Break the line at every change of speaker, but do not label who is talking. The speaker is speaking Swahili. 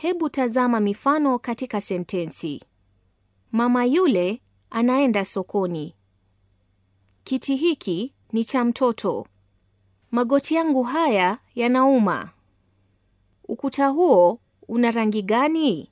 Hebu tazama mifano katika sentensi: mama yule anaenda sokoni. Kiti hiki ni cha mtoto. Magoti yangu haya yanauma. Ukuta huo
una rangi gani?